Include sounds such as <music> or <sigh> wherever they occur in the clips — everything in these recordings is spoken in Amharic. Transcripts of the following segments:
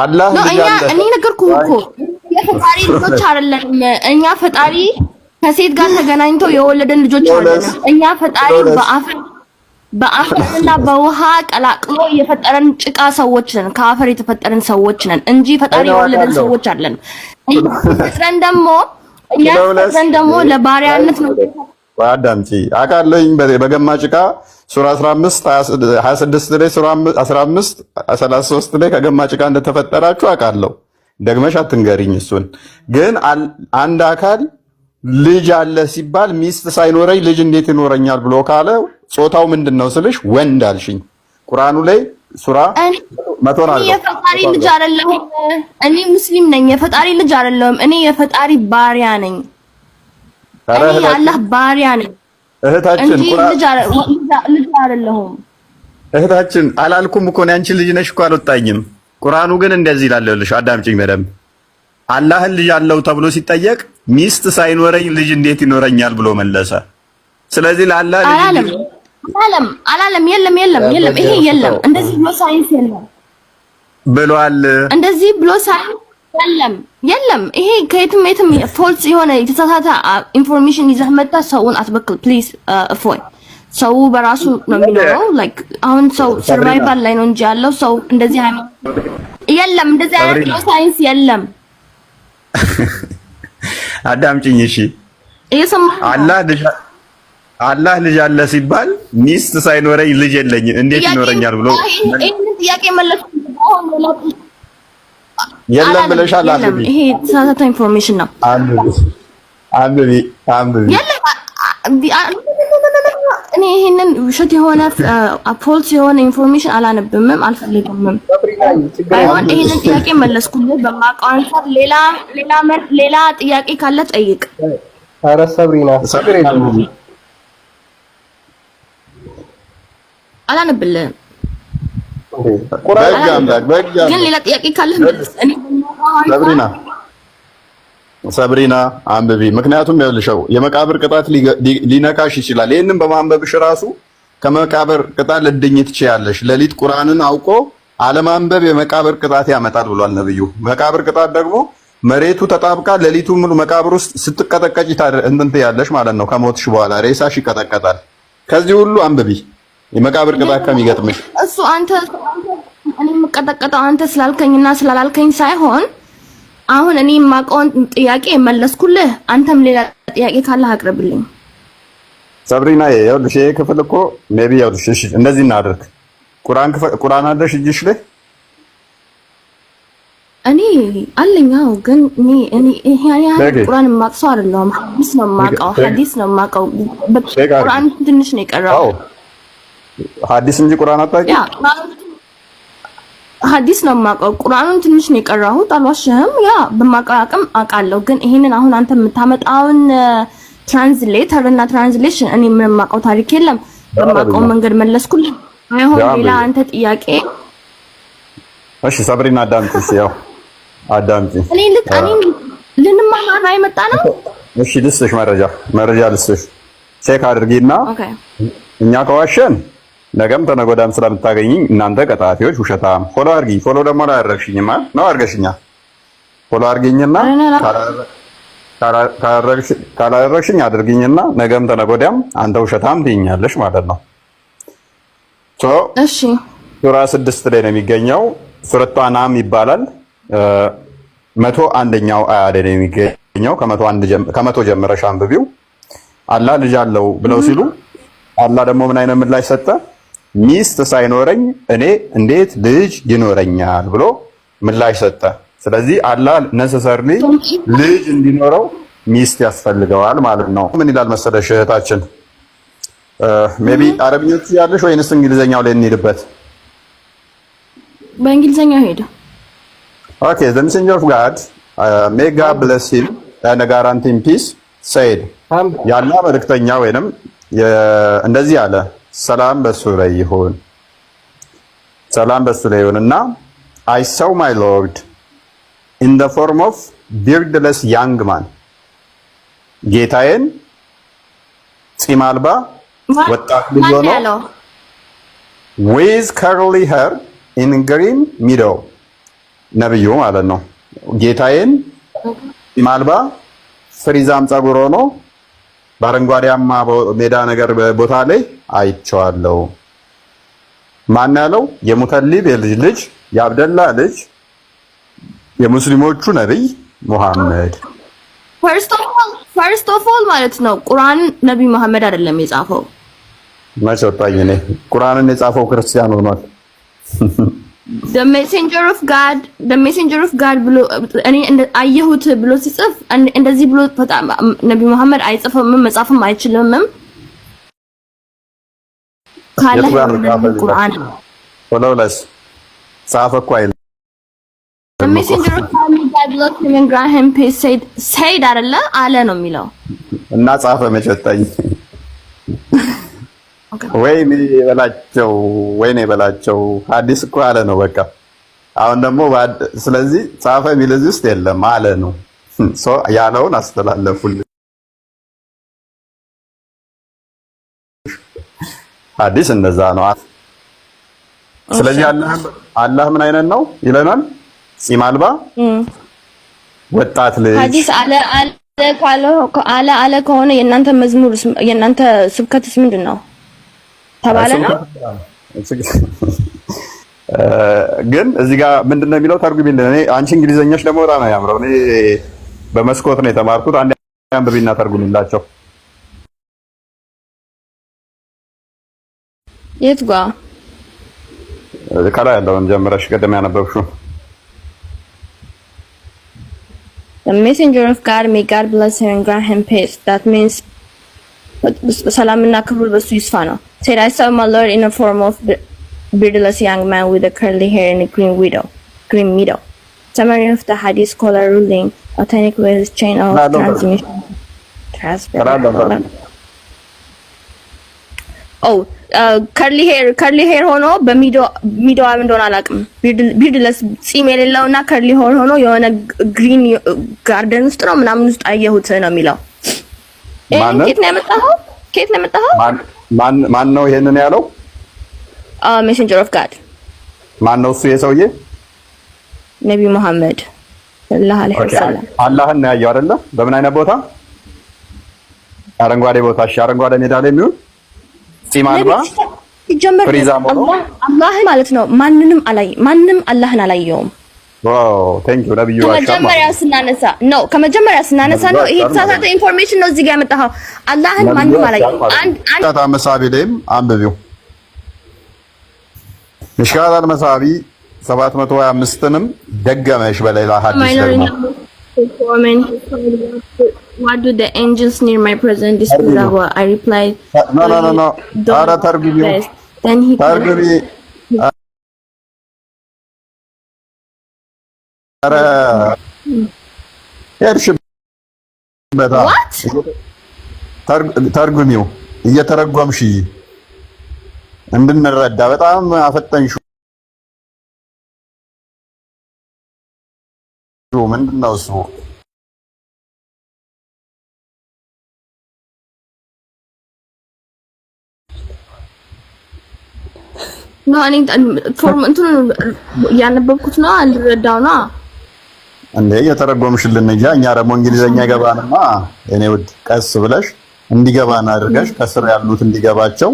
አላህ እኔ ነገርኩህ እኮ የፈጣሪ ልጆች አይደለም። እኛ ፈጣሪ ከሴት ጋር ተገናኝተው የወለደን ልጆች አይደለም። እኛ ፈጣሪ በአፈር በአፈርና በውሃ ቀላቅሎ የፈጠረን ጭቃ ሰዎች ነን። ከአፈር የተፈጠረን ሰዎች ነን እንጂ ፈጣሪ የወለደን ሰዎች አይደለም። ፈጥረን ደግሞ እኛ ፈጥረን ደግሞ ለባሪያነት ነው አዳምጪ አውቃለሁኝ በገማጭ ዕቃ ሱራ 15 26 ላይ ሱራ 15 33 ላይ ከገማጭ ዕቃ እንደተፈጠራችሁ አውቃለሁ። ደግመሽ አትንገሪኝ። እሱን ግን አንድ አካል ልጅ አለ ሲባል ሚስት ሳይኖረኝ ልጅ እንዴት ይኖረኛል ብሎ ካለ ጾታው ምንድን ነው ስልሽ ወንድ አልሽኝ። ቁርአኑ ላይ ሱራ መቶና የፈጣሪ ልጅ አይደለሁም እኔ ሙስሊም ነኝ። የፈጣሪ ልጅ አይደለሁም እኔ የፈጣሪ ባሪያ ነኝ። እኔ የአላህ ባሪያ ነኝ እህታችን ልጅ አይደለሁም። እህታችን አላልኩም እኮ ነው። ልጅ ነሽ እኮ አልወጣኝም። ቁርአኑ ግን እንደዚህ ይላል። ይኸውልሽ አዳምጪኝ በደምብ። አላህን ልጅ አለው ተብሎ ሲጠየቅ ሚስት ሳይኖረኝ ልጅ እንዴት ይኖረኛል ብሎ መለሰ። ስለዚህ ለአላህ ልጅ አላለም አላለም አላለም። የለም የለም የለም፣ ይሄ የለም፣ እንደዚህ ብሎ ሳይንስ የለም ብሏል። እንደዚህ ብሎ ሳይንስ የለም የለም፣ ይሄ ከየትም የትም ፎልስ የሆነ የተሳሳተ ኢንፎርሜሽን uh, ይዘህ መጣ ሰውን አትበክል ፕሊዝ። እፎይ uh, ሰው በራሱ ነው የሚኖረው። ላይክ አሁን ሰው ሰርቫይቫል ላይ ነው እንጂ ያለው ሰው እንደዚህ አይነት የለም፣ እንደዚህ አይነት ነው ሳይንስ የለም። <laughs> አዳምጪኝ እሺ። አላህ ልጅ አለ ሲባል ሚስት ሳይኖረኝ ልጅ የለኝ እንዴት ይኖረኛል ብሎ ይሄን ጥያቄ መለስኩ የለም ብለሻል። ይሄ የተሳሳተ ኢንፎርሜሽን ነው። አንብቢ አንብቢ። እኔ ይሄንን ውሸት የሆነ ፎልስ የሆነ ኢንፎርሜሽን አላነብምም አልፈልግምም። ባይሆን ይሄንን ጥያቄ መለስኩልህ በማውቀው አንሳር። ሌላ ሌላ ሌላ ጥያቄ ካለ ጠይቅ። ኧረ ሰብሪና አላነብልህም ግን ሌላ ጥያቄ ካለህ ሰብሪና አንብቢ። ምክንያቱም ይኸውልሽው የመቃብር ቅጣት ሊነካሽ ይችላል። ይህንን በማንበብሽ ራሱ ከመቃብር ቅጣት ልድኝ ትችያለሽ። ሌሊት ቁርአንን አውቆ አለማንበብ የመቃብር ቅጣት ያመጣል ብሏል ነብዩ። መቃብር ቅጣት ደግሞ መሬቱ ተጣብቃ ሌሊቱ ሙሉ መቃብር ውስጥ ስትቀጠቀጭ እንትን ትያለሽ ማለት ነው። ከሞትሽ በኋላ ሬሳሽ ይቀጠቀጣል። ከዚህ ሁሉ አንብቢ። የመቃብር ቅባት ከሚገጥምሽ እሱ አንተ እኔ የምቀጠቀጠው አንተ ስላልከኝና ስላላልከኝ ሳይሆን አሁን እኔ የማውቀውን ጥያቄ መለስኩልህ። አንተም ሌላ ጥያቄ ካለህ አቅርብልኝ። ሰብሪና ይኸውልሽ፣ ይሄ ክፍል እኮ ሜይ ቢ ይኸውልሽ፣ እሺ፣ እንደዚህ እናድርግ። ቁርአን ቁርአን አለሽ እጅሽ ላይ እኔ አለኝ። አዎ፣ ግን እኔ እኔ ቁርአን የማውቅ ሰው አይደለሁም። ሐዲስ ነው የማውቀው፣ ሐዲስ ነው የማውቀው። ቁርአን ትንሽ ነው የቀረው ሐዲስ እንጂ ቁርአን አታውቂም? ሐዲስ ነው የማውቀው። ቁርአኑን ትንሽ ነው የቀራሁት፣ አልዋሽህም። ያ በማውቀው አውቃለሁ። ግን ይሄንን አሁን አንተ የምታመጣውን ትራንስሌተር እና ትራንስሌሽን እኔ ምንም የማውቀው ታሪክ የለም። በማውቀው መንገድ መለስኩልህ። አይሆን ሌላ አንተ ጥያቄ እሺ ሰብሪና አዳምጪ። ያው አዳምጪ። እኔ ልክ እኔ ልንማማር አይመጣ ነው። እሺ ልስጥሽ መረጃ መረጃ ልስጥሽ። ቼክ አድርጊና እኛ ከዋሸን ነገም ተነጎዳም ስለምታገኝኝ እናንተ ቀጣፊዎች ውሸታም ፎሎ አርጊ። ፎሎ ደግሞ አላደረግሽኝማ ነው አርገሽኛ። ፎሎ አርጊኝና ካላደረግሽኝ አድርጊኝና ነገም ተነጎዳም አንተ ውሸታም ትይኛለሽ ማለት ነው። እሺ ሱራ ስድስት ላይ ነው የሚገኘው። ሱረቷ ናም ይባላል። መቶ አንደኛው አያ ላይ ነው የሚገኘው። ከመቶ ጀምረሽ አንብቢው። አላህ ልጅ አለው ብለው ሲሉ አላህ ደግሞ ምን አይነት ምላሽ ሰጠ? ሚስት ሳይኖረኝ እኔ እንዴት ልጅ ይኖረኛል ብሎ ምላሽ ሰጠ። ስለዚህ አላህ ነሰሰርሊ ልጅ እንዲኖረው ሚስት ያስፈልገዋል ማለት ነው። ምን ይላል መሰለሽ እህታችን፣ ሜቢ አረብኞቹ ያለሽ ወይንስ እንግሊዘኛው ላይ እንሂድበት? በእንግሊዘኛው ሄደ። ኦኬ ዘ ሜሴንጀር ኦፍ ጋድ ሜይ ጋድ ብለስ ሂም ኤንድ ጋራንቲ ኢን ፒስ ሰይድ ያላ መልእክተኛ ወይንም እንደዚህ አለ ሰላም በሱ ላይ ይሁን፣ ሰላም በሱ ላይ ይሁንና አይ ሰው ማይ ሎርድ ኢን ዘ ፎርም ኦፍ ቢርድለስ ያንግ ማን ጌታዬን ፂም አልባ ወጣት ልጅ ሆኖ ዊዝ ከርሊ ሄር ኢን ግሪን ሚዶው ነብዩ ማለት ነው። ጌታዬን ፂም አልባ ፍሪዛም ጸጉር ሆኖ በአረንጓዴያማ ሜዳ ነገር ቦታ ላይ አይቼዋለሁ። ማን ያለው? የሙተሊብ የልጅ ልጅ የአብደላ ልጅ የሙስሊሞቹ ነብይ ሙሐመድ። ፈርስት ኦፍ ኦል ማለት ነው ቁርአን ነብይ መሐመድ አይደለም የጻፈው። መቼ ወጣኝ እኔ። ቁርአንን የጻፈው ክርስቲያን ሆኗል። <laughs> ሜሴንጀር ኦፍ ጋድ ብሎ እኔ አየሁት ብሎ ሲጽፍ እንደዚህ ብሎ በጣም ነቢ መሐመድ አይጽፍምም መጻፍም አይችልምም። ካለቁርአንለውለስ ጻፈ እኮ አይልም። ሜሴንጀር ኦፍ ጋድ ብሎ ኪቨን ግራሃም ፔስ ሰይድ ሰይድ አይደለ አለ ነው የሚለው እና ጻፈ መጨጠኝ <laughs> ወይኔ በላቸው ወይኔ በላቸው አዲስ እኮ አለ ነው በቃ። አሁን ደግሞ ስለዚህ ጻፈ የሚል እዚህ ውስጥ የለም አለ ነው ያለውን አስተላለፉልኝ። አዲስ እንደዛ ነው። ስለዚህ አላህ ምን አይነት ነው ይለናል? ጺም አልባ ወጣት ልጅ ሐዲስ አለ አለ አለ ከሆነ የእናንተ መዝሙር የእናንተ ስብከትስ ምንድን ነው? ተባለ ነው። <laughs> ግን እዚህ ጋር ምንድነው የሚለው ተርጉም ተርጉሚልን። እኔ አንቺ እንግሊዘኛሽ ደግሞ በጣም ያምረው። እኔ በመስኮት ነው የተማርኩት። አንድ አንብቢና ተርጉም ይላቸው። የት ጋ ከላይ ያለውን ጀምረሽ ቅድም ያነበብሽው The messenger of God may God bless her and grant him peace that means ሰላምና ክብር በሱ ይስፋ ነው። said I saw my Lord in the form of the beardless young man with the curly hair and a green widow, green middle. Summary of the hadith scholar ruling authentic with his chain of no, transmission. Transfer. Oh, ከርሊ ሄር ከርሊ ሄር ሆኖ በሚዶ ሚዶ እንደሆነ አላውቅም። ቢርድለስ ጺም የሌለውና ከርሊ ሄር ሆኖ የሆነ ግሪን ጋርደን ውስጥ ነው ምናምን ውስጥ አየሁት ነው የሚለው ከየት ነው ያመጣኸው? ነው ያመጣኸው? ማን ማን ነው ይሄንን ያለው? ሜሴንጀር ኦፍ ጋድ ማን ነው እሱ? የሰውዬ ነቢ መሐመድ ሰለላሁ ዐለይሂ ወሰለም አላህን ነው ያየው አይደለ? በምን አይነት ቦታ? አረንጓዴ ቦታ። እሺ፣ አረንጓዴ ሜዳ ላይ የሚሆን ጺም አልባ ሲጀመር አላህ ማለት ነው። ማንንም አላየውም። ከመጀመሪያ ስናነሳ ነው ከመጀመሪያ ስናነሳ ነው ይሄ የተሳሳተ ኢንፎርሜሽን ነው እዚህ ጋር ያመጣኸው። አላህን ማንም አላየሁም። ሚሽካት አልመሳቢ ላይም አንብቢው። ሚሽካት አልመሳቢ 725ንም ደገመሽ በሌላ ሐዲስ ደግሞ ኧረ ሄድሽበት። ተርጉሚው እየተረጎምሽ እንድንረዳ በጣም አፈጠንሽ። ምንድን ነው እሱ? ነው እኔ ፎርም እንትኑን እያነበብኩት ነው። አልረዳው ነው እንዴ እየተረጎምሽልን እያ እኛ ደግሞ እንግሊዘኛ ይገባንማ። እኔ ውድ ቀስ ብለሽ እንዲገባን አድርገሽ ከስር ያሉት እንዲገባቸው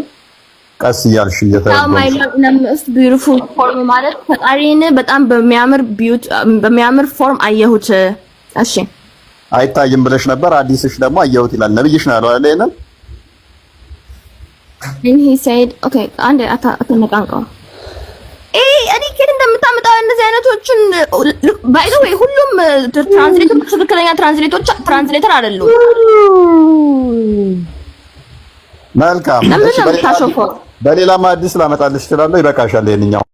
ቀስ እያልሽ እየተረጎምሽ ቢዩቲፉል ፎርም ማለት ፈጣሪን በጣም በሚያምር በሚያምር ፎርም አየሁት። እሺ አይታይም ብለሽ ነበር። አዲስሽ ደግሞ አየሁት ይላል። ነብይሽ ነው ያለው አይደል? እኔን he said okay አንዴ አታ አትነቃንቀው ትራንስሌተር ትክክለኛ ትራንስሌቶች ትራንስሌተር አይደሉም። መልካም። በሌላም አዲስ ላመጣልሽ እችላለሁ። ይበቃሻል ይሄንኛው